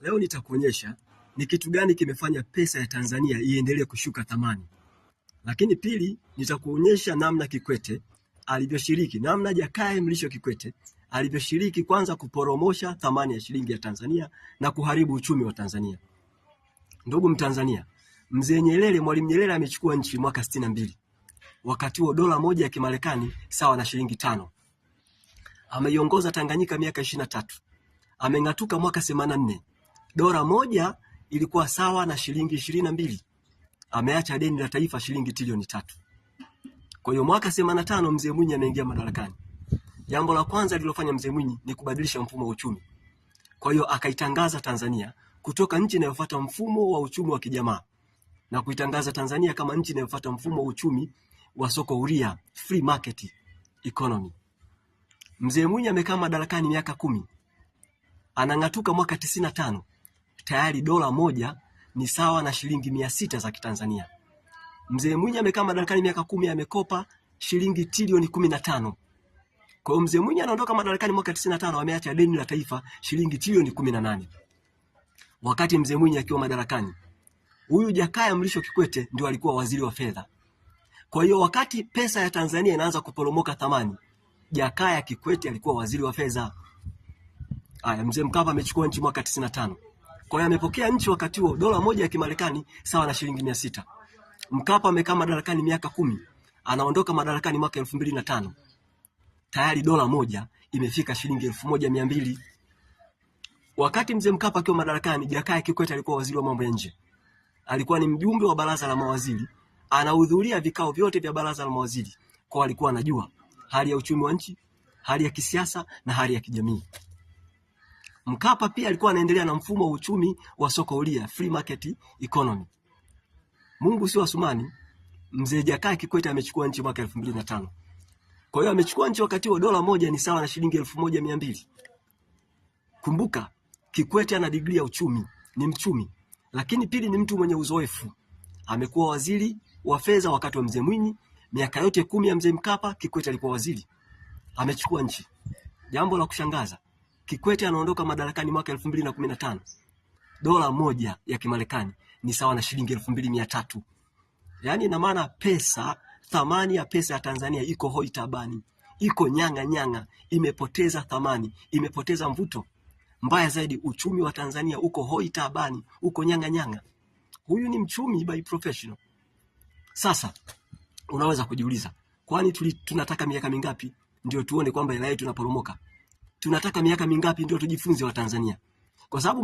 Leo nitakuonyesha ni kitu gani kimefanya pesa ya Tanzania iendelee kushuka thamani, lakini pili nitakuonyesha namna Kikwete alivyoshiriki, namna Jakaya Mlisho Kikwete alivyoshiriki kwanza kuporomosha thamani ya shilingi ya Tanzania na kuharibu uchumi wa Tanzania. Ndugu Mtanzania, mzee Nyerere, Mwalimu Nyerere amechukua nchi mwaka sitini na mbili, wakati huo dola moja ya Kimarekani sawa na shilingi tano. Ameiongoza Tanganyika miaka ishirini na tatu, ameng'atuka mwaka themanini na nne dola moja ilikuwa sawa na shilingi ishirini na mbili. Ameacha deni la taifa shilingi trilioni tatu. Kwa hiyo mwaka tano mzee Mwinyi ameingia madarakani. Jambo la kwanza alilofanya mzee Mwinyi ni kubadilisha mfumo wa uchumi. Kwa hiyo akaitangaza Tanzania kutoka nchi inayofuata mfumo wa uchumi wa kijamaa na kuitangaza Tanzania kama nchi inayofuata mfumo wa uchumi wa soko huria, free market economy. Mzee Mwinyi amekaa madarakani miaka kumi. Anang'atuka mwaka tano tayari dola moja ni sawa na shilingi mia sita za Kitanzania. Mzee Mwinyi amekaa madarakani miaka kumi, amekopa shilingi trilioni kumi na tano. Kwa hiyo Mzee Mwinyi anaondoka madarakani mwaka tisini na tano, ameacha deni la taifa shilingi trilioni nane. Wakati Mzee Mwinyi akiwa madarakani, huyu Jakaya Mlisho Kikwete ndio alikuwa waziri wa fedha. Kwa hiyo wakati pesa ya Tanzania inaanza kuporomoka thamani, Jakaya Kikwete alikuwa waziri wa fedha. Aya, Mzee Mkapa amechukua nchi mwaka tisini na tano. Kwa hiyo amepokea nchi wakati huo dola moja ya Kimarekani sawa na shilingi mia sita. Mkapa amekaa madarakani miaka kumi, anaondoka madarakani mwaka elfu mbili na tano. Tayari dola moja imefika shilingi elfu moja mia mbili. Wakati mzee Mkapa akiwa madarakani, Jakaya Kikwete alikuwa waziri wa mambo ya nje, alikuwa ni mjumbe wa baraza la mawaziri, anahudhuria vikao vyote vya baraza la mawaziri, kwa alikuwa anajua hali ya uchumi wa nchi, hali ya kisiasa na hali ya kijamii. Mkapa pia alikuwa anaendelea na mfumo wa uchumi wa soko huria, free market economy. Mungu si Wasumani. Mzee Jakaya Kikwete amechukua nchi mwaka 2005. Kwa hiyo amechukua nchi wakati wa dola moja ni sawa na shilingi 1200. Kumbuka Kikwete ana digrii ya uchumi, ni mchumi, lakini pili ni mtu mwenye uzoefu. Amekuwa waziri wa fedha wakati wa mzee Mwinyi, miaka yote kumi ya mzee Mkapa Kikwete alikuwa waziri. Amechukua nchi, jambo la kushangaza. Kikwete anaondoka madarakani mwaka elfu mbili na na kumi tano Dola moja ya Kimarekani ni sawa na shilingi elfu mbili mia tatu Yaani ina maana pesa, thamani ya pesa ya Tanzania iko hoi tabani, iko nyanga nyanga, imepoteza thamani, imepoteza mvuto. Mbaya zaidi uchumi wa Tanzania uko hoi tabani, uko nyanga nyanga. Huyu ni mchumi by professional. Sasa unaweza kujiuliza, kwani tunataka miaka mingapi ndio tuone kwamba hela yetu inaporomoka? tunataka miaka mingapi ndio tujifunze Watanzania? Kwa sababu